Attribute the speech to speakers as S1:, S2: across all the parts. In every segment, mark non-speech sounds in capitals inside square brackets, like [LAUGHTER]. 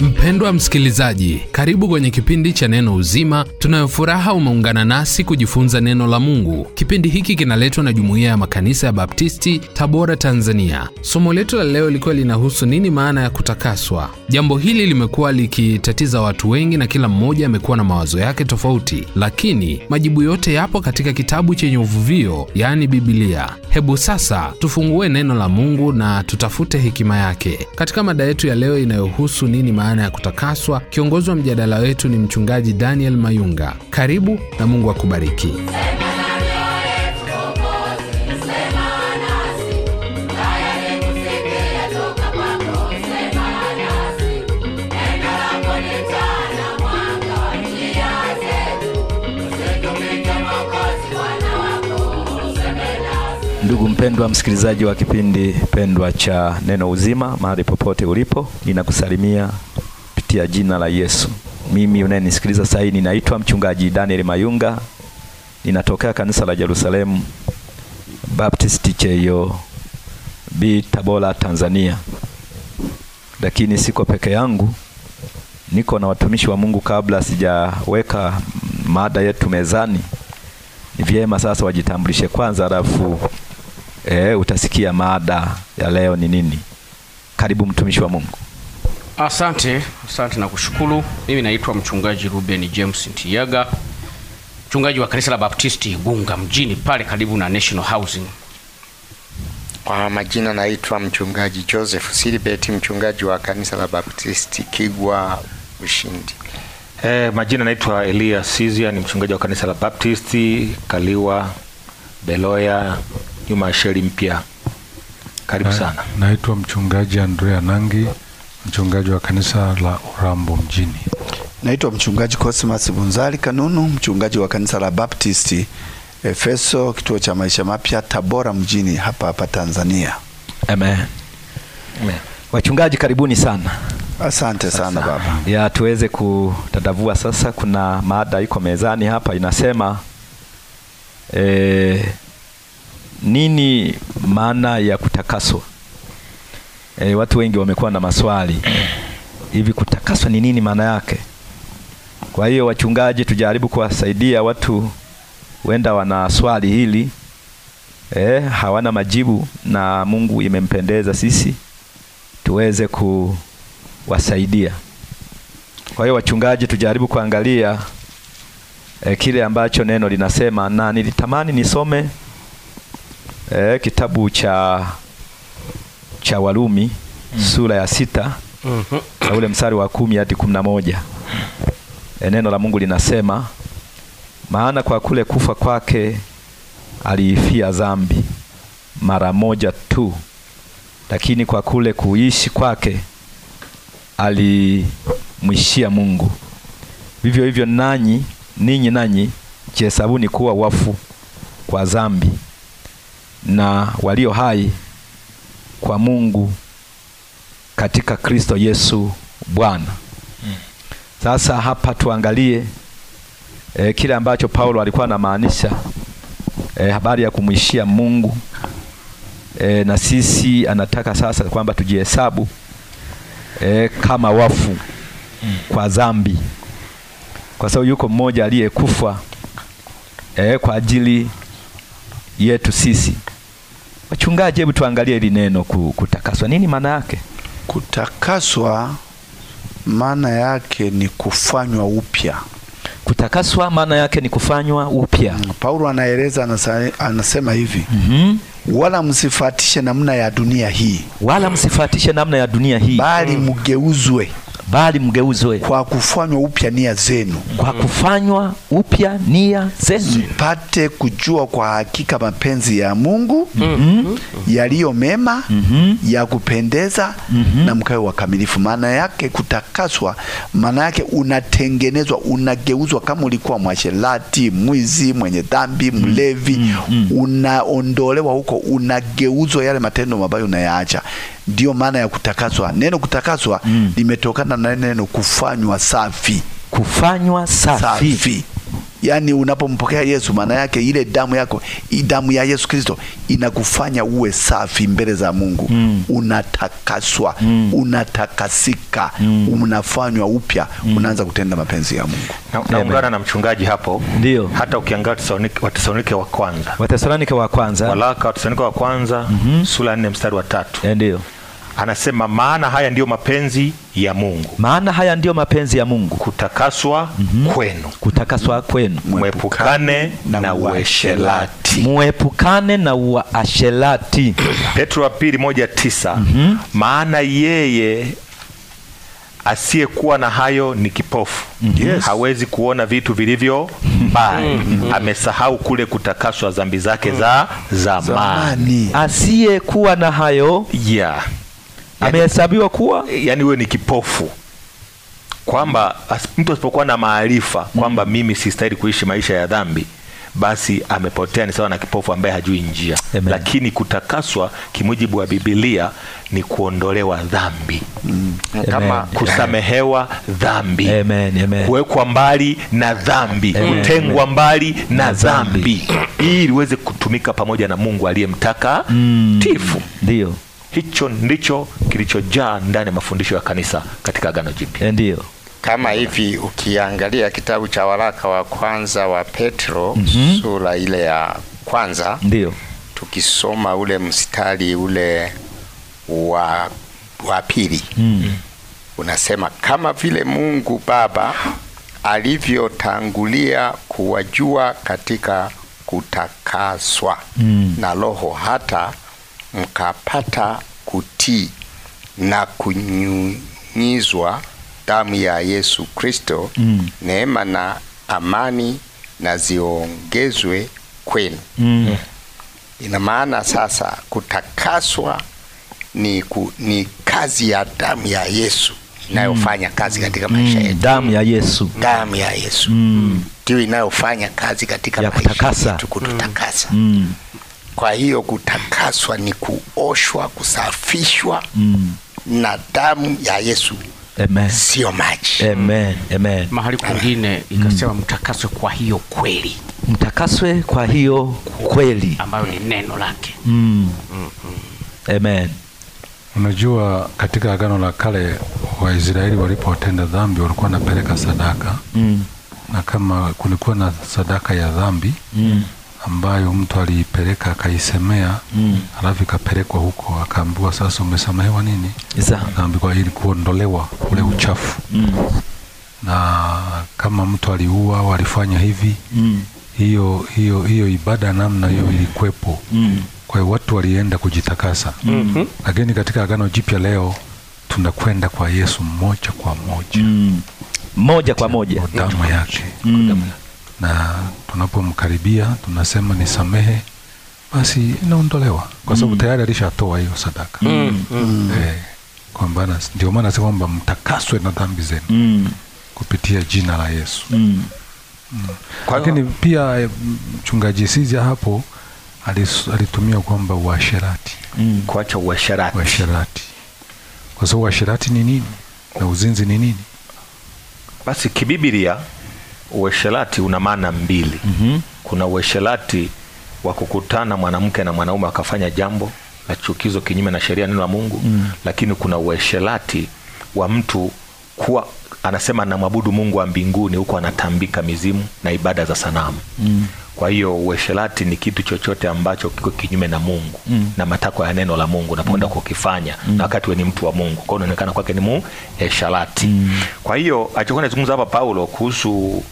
S1: Mpendwa msikilizaji, karibu kwenye kipindi cha Neno Uzima. Tunayofuraha umeungana nasi kujifunza neno la Mungu. Kipindi hiki kinaletwa na Jumuiya ya Makanisa ya Baptisti, Tabora, Tanzania. Somo letu la leo likiwa linahusu nini maana ya kutakaswa. Jambo hili limekuwa likitatiza watu wengi na kila mmoja amekuwa na mawazo yake tofauti, lakini majibu yote yapo katika kitabu chenye uvuvio, yani bibilia Hebu sasa tufungue neno la Mungu na tutafute hekima yake katika mada yetu ya leo inayohusu nini maana maana ya kutakaswa. Kiongozi wa mjadala wetu ni Mchungaji Daniel Mayunga. Karibu na Mungu akubariki.
S2: Ndugu mpendwa msikilizaji wa kipindi pendwa cha Neno Uzima, mahali popote ulipo, ninakusalimia kupitia jina la Yesu. Mimi unayenisikiliza sasa hivi ninaitwa mchungaji Daniel Mayunga. Ninatokea kanisa la Jerusalemu Baptist Cheyo B Tabora, Tanzania. Lakini siko peke yangu. Niko na watumishi wa Mungu kabla sijaweka mada yetu mezani. Ni vyema sasa wajitambulishe kwanza alafu eh, utasikia mada ya leo ni nini. Karibu mtumishi wa Mungu.
S3: Asante, asante na kushukuru. Mimi naitwa mchungaji Ruben James Ntiyaga, mchungaji wa kanisa la Baptisti Igunga mjini pale karibu na National Housing. Kwa majina naitwa mchungaji Joseph Silibeti, mchungaji wa kanisa la Baptisti Kigwa Ushindi.
S4: Eh, majina naitwa Elia Sizia, ni mchungaji wa kanisa la Baptisti Kaliwa Beloya, nyuma ya sheri mpya. Karibu sana.
S5: Naitwa mchungaji Andrea Nangi mchungaji wa kanisa la Urambo mjini.
S6: Naitwa mchungaji Cosmas Bunzali Kanunu, mchungaji wa kanisa la Baptisti Efeso, kituo cha maisha mapya Tabora mjini hapa hapa Tanzania. Amen. Amen. Wachungaji karibuni sana. Asante sana Asana. Baba ya tuweze
S2: kutadavua sasa. Kuna mada iko mezani hapa inasema e, nini maana ya kutakaswa? e, watu wengi wamekuwa na maswali hivi, kutakaswa ni nini maana yake? Kwa hiyo wachungaji, tujaribu kuwasaidia watu, wenda wana swali hili e, hawana majibu, na Mungu imempendeza sisi tuweze kuwasaidia. Kwa hiyo wachungaji, tujaribu kuangalia e, kile ambacho neno linasema, na nilitamani nisome e, kitabu cha cha Warumi mm. sura ya sita mm -hmm. na ule mstari wa kumi hadi kumi na moja eh, neno la Mungu linasema, maana kwa kule kufa kwake aliifia dhambi mara moja tu, lakini kwa kule kuishi kwake alimwishia Mungu. Vivyo hivyo nanyi ninyi nanyi jihesabuni kuwa wafu kwa dhambi na walio hai kwa Mungu katika Kristo Yesu Bwana. Sasa hapa tuangalie e, kile ambacho Paulo alikuwa anamaanisha e, habari ya kumwishia Mungu e, na sisi anataka sasa kwamba tujihesabu e, kama wafu kwa dhambi, kwa sababu yuko mmoja aliyekufa e, kwa ajili yetu sisi. Wachungaji, hebu tuangalie hili neno kutakaswa, nini
S6: maana yake? Kutakaswa maana yake ni kufanywa upya. Kutakaswa maana yake ni kufanywa upya. Mm, Paulo anaeleza anasema, hivi mm -hmm. wala msifatishe namna ya dunia hii, wala msifatishe namna ya dunia hii, bali mm. mgeuzwe mm bali mgeuzwe kwa kufanywa upya nia zenu, kwa kufanywa upya nia zenu, mpate kujua kwa hakika mapenzi ya Mungu
S5: mm -hmm.
S6: yaliyo mema mm -hmm. ya kupendeza mm -hmm. na mkawe wakamilifu. Maana yake kutakaswa, maana yake unatengenezwa, unageuzwa. Kama ulikuwa mwasherati, mwizi, mwenye dhambi, mm-hmm. mlevi mm -hmm. unaondolewa huko, unageuzwa yale matendo mabaya unayaacha. Ndiyo maana ya kutakaswa. Neno kutakaswa mm. limetokana na neno kufanywa safi, kufanywa safi, safi. Yaani unapompokea Yesu, maana yake ile damu yako, damu ya Yesu Kristo inakufanya uwe safi mbele za Mungu mm. unatakaswa mm. unatakasika mm. unafanywa upya mm. unaanza kutenda mapenzi ya Mungu.
S4: Naungana na, na mchungaji hapo. Ndio. Hata ukiangalia Wathesalonike wa kwanza, Wathesalonike wa kwanza, walaka Wathesalonike wa kwanza mm -hmm. sura ya 4 mstari wa 3. Eh, ndio. Anasema maana haya ndiyo mapenzi ya Mungu, maana haya ndiyo mapenzi ya Mungu, kutakaswa mm -hmm. kwenu, kutakaswa kwenu, mwepukane na uasherati, mwepukane na uasherati. [CLEARS THROAT] Petro wa pili moja tisa mm -hmm. maana yeye asiyekuwa na hayo ni kipofu mhm. yes. Hawezi kuona vitu vilivyo mhm. mbali mhm. Amesahau kule kutakaswa dhambi zake za zamani,
S2: asiyekuwa na hayo
S4: yeah amehesabiwa kuwa eh, yani wewe ni kipofu kwamba mtu asipokuwa na maarifa mm. kwamba mimi sistahili kuishi maisha ya dhambi, basi amepotea, ni sawa na kipofu ambaye hajui njia. Amen. Lakini kutakaswa kimujibu wa Biblia ni kuondolewa dhambi. Mm. Kama kusamehewa dhambi, kuwekwa mbali na dhambi, kutengwa mbali na dhambi, ili uweze kutumika pamoja na Mungu aliyemtakatifu. Mm. Ndio. Mm. Hicho ndicho
S3: kilichojaa
S4: ndani ya mafundisho ya kanisa katika Agano Jipya. Eh, ndio
S3: kama hivi ukiangalia kitabu cha waraka wa kwanza wa Petro mm -hmm. sura ile ya kwanza ndio tukisoma ule mstari ule wa, wa pili mm. unasema kama vile Mungu Baba alivyotangulia kuwajua katika kutakaswa mm. na Roho hata mkapata kutii na kunyunyizwa damu ya Yesu Kristo mm. neema na amani na ziongezwe kwenu mm. Ina maana sasa kutakaswa ni, ku, ni kazi ya damu ya Yesu inayofanya mm. kazi katika maisha mm. yetu. Damu ya Yesu, damu ya Yesu ndio mm. inayofanya kazi katika ya maisha yetu kututakasa mm. mm. Kwa hiyo kutakaswa ni kuoshwa, kusafishwa mm. na damu ya Yesu Sio maji. Amen. Amen. Mahali kwingine ikasema mm. mtakaswe kwa hiyo kweli, mtakaswe kwa hiyo
S5: kweli ambayo ni neno lake mm. Mm -hmm. Amen. Unajua, katika Agano la Kale Waisraeli walipowatenda dhambi walikuwa wanapeleka sadaka mm. na kama kulikuwa na sadaka ya dhambi mm ambayo mtu aliipeleka akaisemea, mm. alafu ikapelekwa huko, akaambiwa sasa, umesamehewa nini? Akaambiwa ili kuondolewa ule mm. uchafu mm. na kama mtu aliua au alifanya hivi mm. hiyo hiyo ibada namna hiyo mm. ilikwepo mm. kwa hiyo watu walienda kujitakasa mm -hmm. Lakini katika Agano Jipya leo tunakwenda kwa Yesu moja kwa moja mm. moja kwa moja damu yake mm na tunapomkaribia tunasema ni samehe basi inaondolewa kwa sababu mm. tayari alishatoa hiyo sadaka mm. mm. mm. eh, kwamba ndio maana nasema kwamba mtakaswe na dhambi zenu mm. kupitia jina la Yesu mm. Mm. Lakini pia eh, mchungaji Sizia hapo alitumia kwamba uasherati mm. kuacha uasherati, uasherati kwa sababu uasherati ni nini na uzinzi ni nini? Basi
S4: kibiblia uesherati una maana mbili. mm-hmm. Kuna uesherati wa kukutana mwanamke na mwanaume wakafanya jambo la chukizo kinyume na sheria neno la Mungu. mm. Lakini kuna uesherati wa mtu kuwa anasema anamwabudu Mungu wa mbinguni huko anatambika mizimu na ibada za sanamu. mm. Kwa hiyo uesherati ni kitu chochote ambacho kiko kinyume na Mungu mm. na matakwa ya neno la Mungu unapoenda mm. kukifanya mm. na wakati wewe ni mtu wa Mungu, kwa hiyo unaonekana kwake ni mueshelati. mm. Kwa hiyo achokuwa anazungumza hapa Paulo kuhusu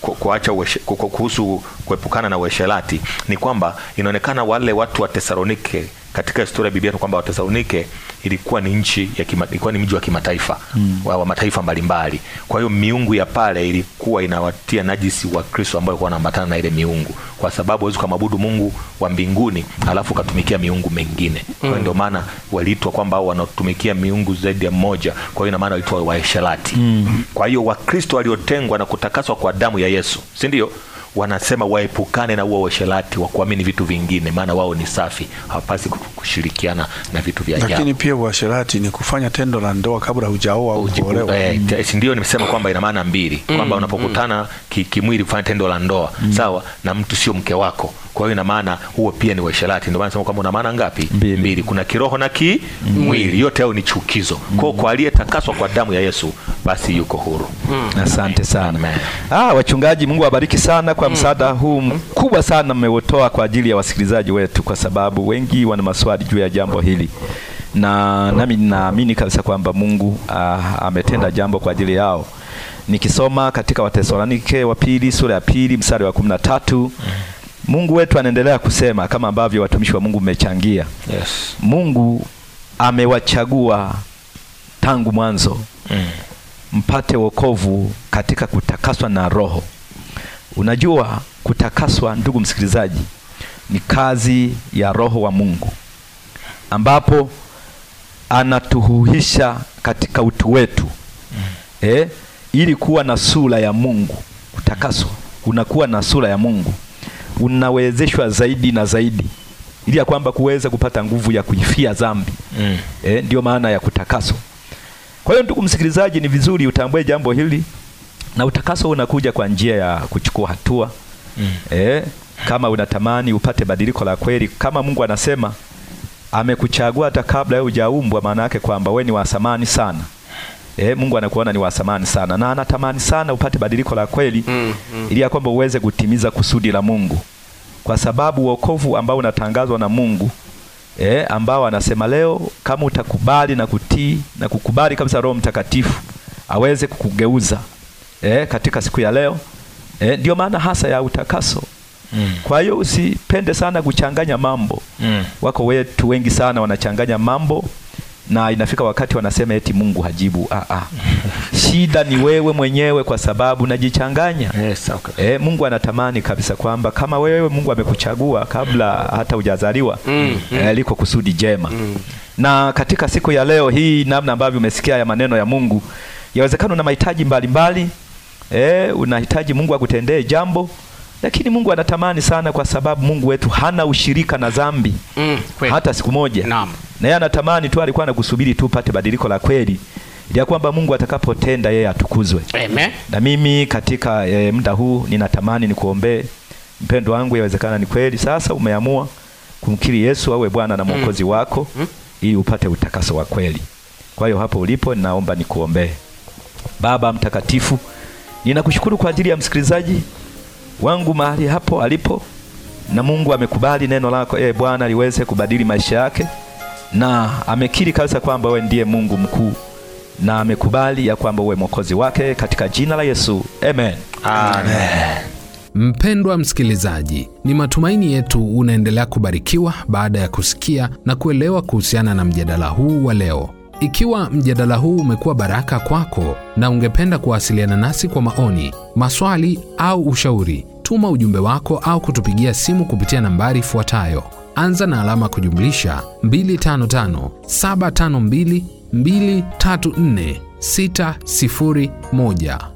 S4: kuacha kuhusu kuepukana na uasherati ni kwamba inaonekana wale watu wa Tesalonike katika historia ya Biblia kwamba Watesalonike ilikuwa ni nchi ya kima, ilikuwa ni mji wa kimataifa mm. wa mataifa mbalimbali. Kwa hiyo miungu ya pale ilikuwa inawatia najisi wa Kristo ambao walikuwa wanaambatana na ile miungu, kwa sababu huwezi kumwabudu Mungu wa mbinguni alafu ukatumikia miungu mengine. Kwa hmm. ndio maana waliitwa kwamba wanatumikia miungu zaidi ya mmoja, kwa hiyo ina maana waliitwa mm. Kwa hiyo Wakristo waliotengwa na kutakaswa kwa damu ya Yesu, si ndio? wanasema waepukane na huo washerati wa kuamini vitu vingine, maana wao ni safi, hawapasi kushirikiana na vitu vya ajabu. Lakini
S6: pia uasherati ni kufanya tendo la ndoa kabla hujaoa au
S4: kuolewa. Eh, mm. ndio nimesema kwamba ina maana mbili, mm, kwamba mm. unapokutana kimwili kufanya tendo la ndoa sawa, na mtu sio mke wako kwa hiyo ina maana huo pia ni waisharati. Ndio maana nasema kwamba una maana ngapi? Mbili, Mbili. kuna kiroho na kimwili mm. Yote hayo ni chukizo mm. Kwa kwa aliyetakaswa kwa damu ya Yesu basi yuko huru
S2: mm. Asante sana Amen. Ah, wachungaji, Mungu awabariki sana kwa msaada huu mkubwa sana mmeotoa kwa ajili ya wasikilizaji wetu, kwa sababu wengi wana maswali juu ya jambo hili na nami ninaamini kabisa kwamba Mungu ah, ametenda jambo kwa ajili yao. Nikisoma katika Watesalonike wa pili sura ya pili mstari wa kumi na tatu mm. Mungu wetu anaendelea kusema kama ambavyo watumishi wa Mungu mmechangia. Yes. Mungu amewachagua tangu mwanzo mm. mpate wokovu katika kutakaswa na Roho. Unajua, kutakaswa, ndugu msikilizaji, ni kazi ya Roho wa Mungu ambapo anatuhuhisha katika utu wetu mm. eh, ili kuwa na sura ya Mungu. Kutakaswa unakuwa na sura ya Mungu unawezeshwa zaidi na zaidi ili ya kwamba kuweza kupata nguvu ya kuifia dhambi mm. E, eh, ndiyo maana ya kutakaso. Kwa hiyo ndugu msikilizaji, ni vizuri utambue jambo hili, na utakaso unakuja kwa njia ya kuchukua hatua mm. E, kama unatamani upate badiliko la kweli, kama Mungu anasema amekuchagua hata kabla wewe hujaumbwa, maana yake kwamba wewe ni wa thamani sana eh, Mungu anakuona ni wasamani sana na anatamani sana upate badiliko la kweli mm, mm. ili ya kwamba uweze kutimiza kusudi la Mungu, kwa sababu wokovu ambao unatangazwa na Mungu eh, ambao anasema leo, kama utakubali na kutii na kukubali kabisa Roho Mtakatifu aweze kukugeuza eh, katika siku ya leo eh, ndio maana hasa ya utakaso. Mm. Kwa hiyo usipende sana kuchanganya mambo mm. Wako wetu wengi sana wanachanganya mambo na inafika wakati wanasema eti Mungu hajibu. Ah, ah. Shida ni wewe mwenyewe kwa sababu najichanganya. Yes, okay. Eh, Mungu anatamani kabisa kwamba kama wewe Mungu amekuchagua kabla hata hujazaliwa mm, mm. Eh, liko kusudi jema mm. Na katika siku ya leo hii, namna ambavyo umesikia ya maneno ya Mungu, yawezekana na mahitaji mbalimbali, eh, unahitaji Mungu akutendee jambo lakini Mungu anatamani sana, kwa sababu Mungu wetu hana ushirika na dhambi mm, hata siku moja. Naam. Na yeye anatamani tu, alikuwa anakusubiri tu upate badiliko la kweli ya kwamba Mungu atakapotenda yeye atukuzwe. Amen. Na mimi katika e, muda huu ninatamani nikuombee mpendo wangu, yawezekana ni kweli sasa umeamua kumkiri Yesu awe Bwana na mm. Mwokozi mm. wako mm. ili upate utakaso wa kweli. Kwa hiyo hapo ulipo, ninaomba nikuombee. Baba mtakatifu, ninakushukuru kwa ajili ya msikilizaji wangu mahali hapo alipo, na Mungu amekubali neno lako e Bwana liweze kubadili maisha yake, na amekiri kabisa kwamba wewe ndiye Mungu mkuu na amekubali ya kwamba uwe mwokozi wake katika jina la Yesu Amen. Amen.
S1: Mpendwa msikilizaji, ni matumaini yetu unaendelea kubarikiwa baada ya kusikia na kuelewa kuhusiana na mjadala huu wa leo. Ikiwa mjadala huu umekuwa baraka kwako na ungependa kuwasiliana nasi kwa maoni, maswali au ushauri, tuma ujumbe wako au kutupigia simu kupitia nambari ifuatayo: anza na alama kujumlisha 255 752 234 601.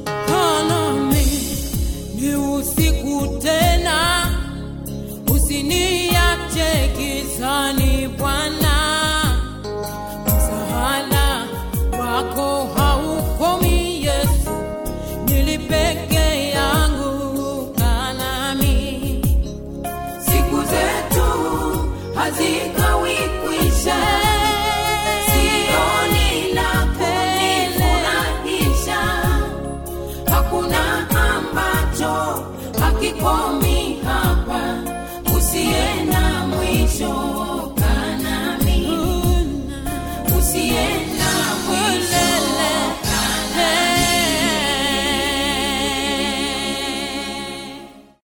S5: Azita.